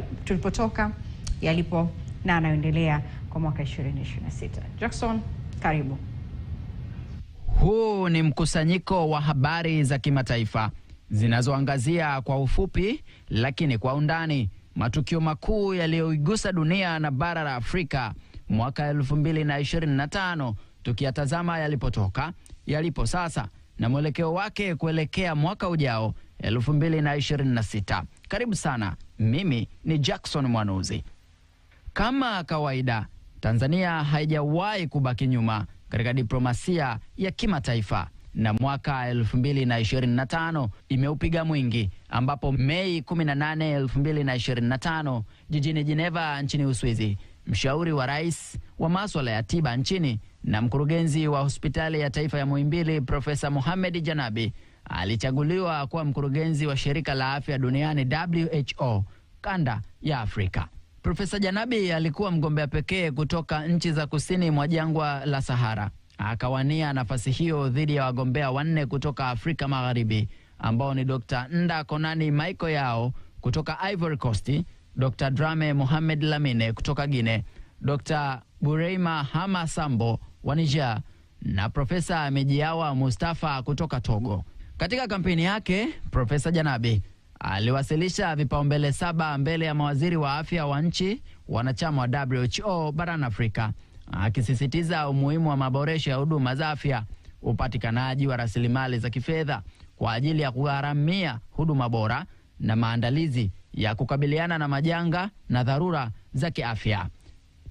tulipotoka, yalipo na yanayoendelea kwa mwaka 2026. Jackson, karibu. Huu ni mkusanyiko wa habari za kimataifa zinazoangazia kwa ufupi lakini kwa undani matukio makuu yaliyoigusa dunia na bara la Afrika mwaka 2025, tukiyatazama yalipotoka, yalipo sasa na mwelekeo wake kuelekea mwaka ujao 2026. Karibu sana, mimi ni Jackson Mwanuzi. Kama kawaida, Tanzania haijawahi kubaki nyuma katika diplomasia ya kimataifa na mwaka 2025 imeupiga mwingi ambapo Mei 18, 2025 jijini Geneva nchini Uswizi, mshauri wa rais wa maswala ya tiba nchini na mkurugenzi wa hospitali ya taifa ya Muhimbili Profesa Mohamed Janabi alichaguliwa kuwa mkurugenzi wa shirika la afya duniani WHO kanda ya Afrika. Profesa Janabi alikuwa mgombea pekee kutoka nchi za kusini mwa jangwa la Sahara. Akawania nafasi hiyo dhidi ya wagombea wanne kutoka Afrika Magharibi ambao ni Dr Nda Konani Michael Yao kutoka Ivory Coast, Dr Drame Mohamed Lamine kutoka Guinea, Dr Bureima Hama Sambo wa Niger na Profesa Mejiawa Mustafa kutoka Togo. Katika kampeni yake, Profesa Janabi aliwasilisha vipaumbele saba mbele ya mawaziri wa afya wa nchi wanachama wa WHO barani Afrika, akisisitiza umuhimu wa maboresho ya huduma za afya, upatikanaji wa rasilimali za kifedha kwa ajili ya kugharamia huduma bora na maandalizi ya kukabiliana na majanga na dharura za kiafya.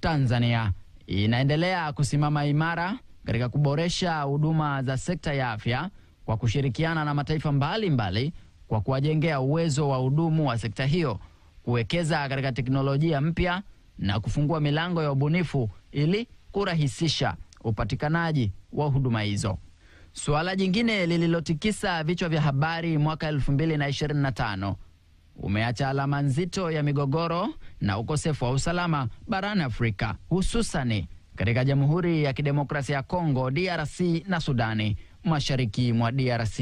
Tanzania inaendelea kusimama imara katika kuboresha huduma za sekta ya afya kwa kushirikiana na mataifa mbalimbali mbali, kwa kuwajengea uwezo wa hudumu wa sekta hiyo kuwekeza katika teknolojia mpya na kufungua milango ya ubunifu ili kurahisisha upatikanaji wa huduma hizo. Suala jingine lililotikisa vichwa vya habari mwaka 2025 umeacha alama nzito ya migogoro na ukosefu wa usalama barani Afrika, hususani katika Jamhuri ya Kidemokrasia ya Kongo DRC na Sudani mashariki mwa DRC.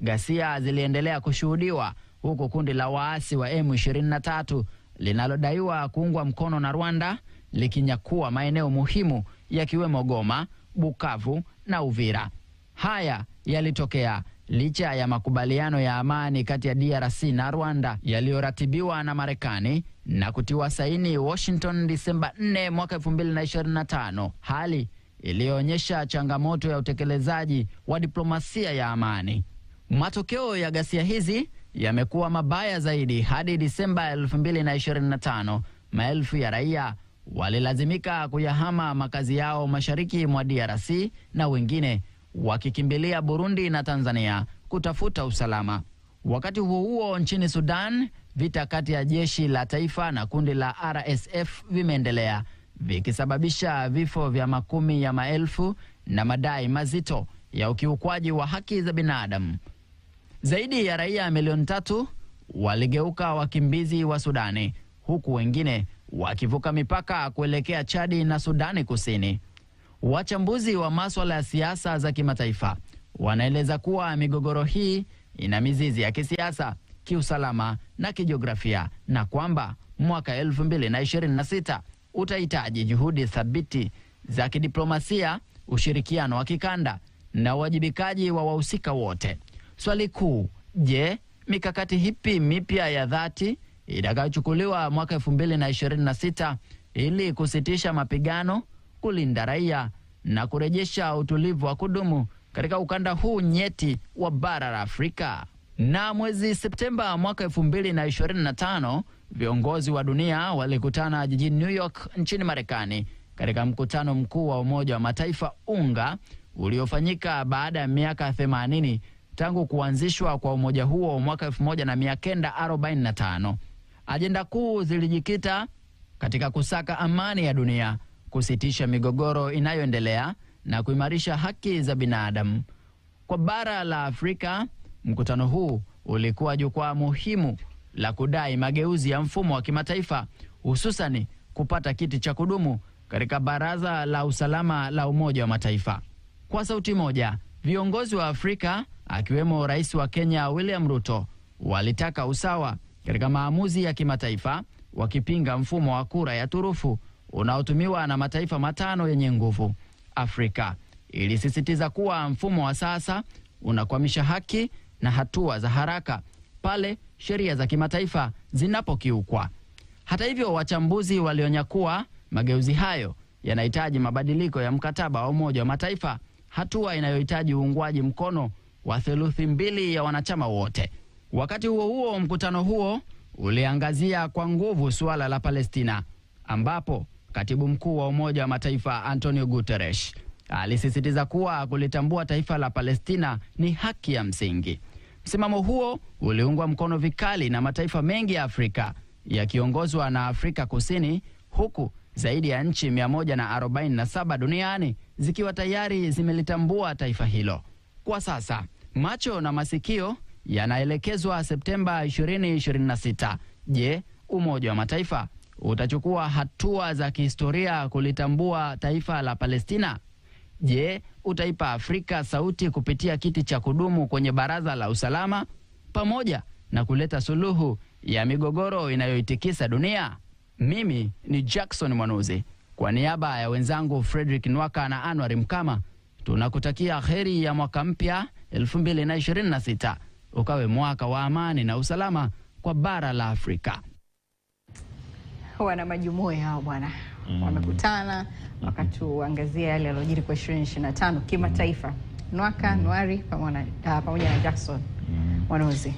Ghasia ziliendelea kushuhudiwa huku kundi la waasi wa M23 linalodaiwa kuungwa mkono na Rwanda likinyakua maeneo muhimu yakiwemo Goma, Bukavu na Uvira. Haya yalitokea licha ya makubaliano ya amani kati ya DRC na Rwanda yaliyoratibiwa na Marekani na kutiwa saini Washington Disemba 4 mwaka 2025. Hali iliyoonyesha changamoto ya utekelezaji wa diplomasia ya amani. Matokeo ya ghasia hizi yamekuwa mabaya zaidi. Hadi Disemba 2025 maelfu ya raia walilazimika kuyahama makazi yao mashariki mwa DRC na wengine wakikimbilia Burundi na Tanzania kutafuta usalama. Wakati huo huo, nchini Sudan, vita kati ya jeshi la taifa na kundi la RSF vimeendelea vikisababisha vifo vya makumi ya maelfu na madai mazito ya ukiukwaji wa haki za binadamu. Zaidi ya raia milioni tatu waligeuka wakimbizi wa Sudani, huku wengine wakivuka mipaka kuelekea Chadi na Sudani Kusini. Wachambuzi wa maswala ya siasa za kimataifa wanaeleza kuwa migogoro hii ina mizizi ya kisiasa, kiusalama na kijiografia na kwamba mwaka 2026 utahitaji juhudi thabiti za kidiplomasia, ushirikiano wa kikanda na uwajibikaji wa wahusika wote. Swali kuu, je, mikakati hipi mipya ya dhati itakayochukuliwa mwaka sita ili kusitisha mapigano, kulinda raia na kurejesha utulivu wa kudumu katika ukanda huu nyeti wa bara la Afrika. Na mwezi Septemba mwaka na tano Viongozi wa dunia walikutana jijini New York nchini Marekani katika mkutano mkuu wa Umoja wa Mataifa UNGA uliofanyika baada ya miaka 80 tangu kuanzishwa kwa umoja huo mwaka 1945. Ajenda kuu zilijikita katika kusaka amani ya dunia, kusitisha migogoro inayoendelea na kuimarisha haki za binadamu. Kwa bara la Afrika, mkutano huu ulikuwa jukwaa muhimu la kudai mageuzi ya mfumo wa kimataifa hususani kupata kiti cha kudumu katika Baraza la Usalama la Umoja wa Mataifa. Kwa sauti moja, viongozi wa Afrika akiwemo Rais wa Kenya William Ruto walitaka usawa katika maamuzi ya kimataifa, wakipinga mfumo wa kura ya turufu unaotumiwa na mataifa matano yenye nguvu. Afrika ilisisitiza kuwa mfumo wa sasa unakwamisha haki na hatua za haraka pale sheria za kimataifa zinapokiukwa. Hata hivyo, wachambuzi walionya kuwa mageuzi hayo yanahitaji mabadiliko ya mkataba wa Umoja wa Mataifa, hatua inayohitaji uungwaji mkono wa theluthi mbili ya wanachama wote. Wakati huo huo, mkutano huo uliangazia kwa nguvu suala la Palestina, ambapo katibu mkuu wa Umoja wa Mataifa Antonio Guterres alisisitiza kuwa kulitambua taifa la Palestina ni haki ya msingi. Msimamo huo uliungwa mkono vikali na mataifa mengi ya Afrika yakiongozwa na Afrika Kusini, huku zaidi ya nchi 147 duniani zikiwa tayari zimelitambua taifa hilo. Kwa sasa macho na masikio yanaelekezwa Septemba 2026. Je, Umoja wa Mataifa utachukua hatua za kihistoria kulitambua taifa la Palestina? Je, utaipa Afrika sauti kupitia kiti cha kudumu kwenye baraza la usalama pamoja na kuleta suluhu ya migogoro inayoitikisa dunia? Mimi ni Jackson Mwanuzi, kwa niaba ya wenzangu Frederick Nwaka na Anwar Mkama, tunakutakia heri ya mwaka mpya 2026 ukawe mwaka wa amani na usalama kwa bara la Afrika. Wana majumuiya hao bwana mm. wamekutana mm-hmm. wakatuangazia yale yaliyojiri kwa tano kimataifa. Mm-hmm. Nwaka Nwari pamoja na ah, Jackson Wanaozi.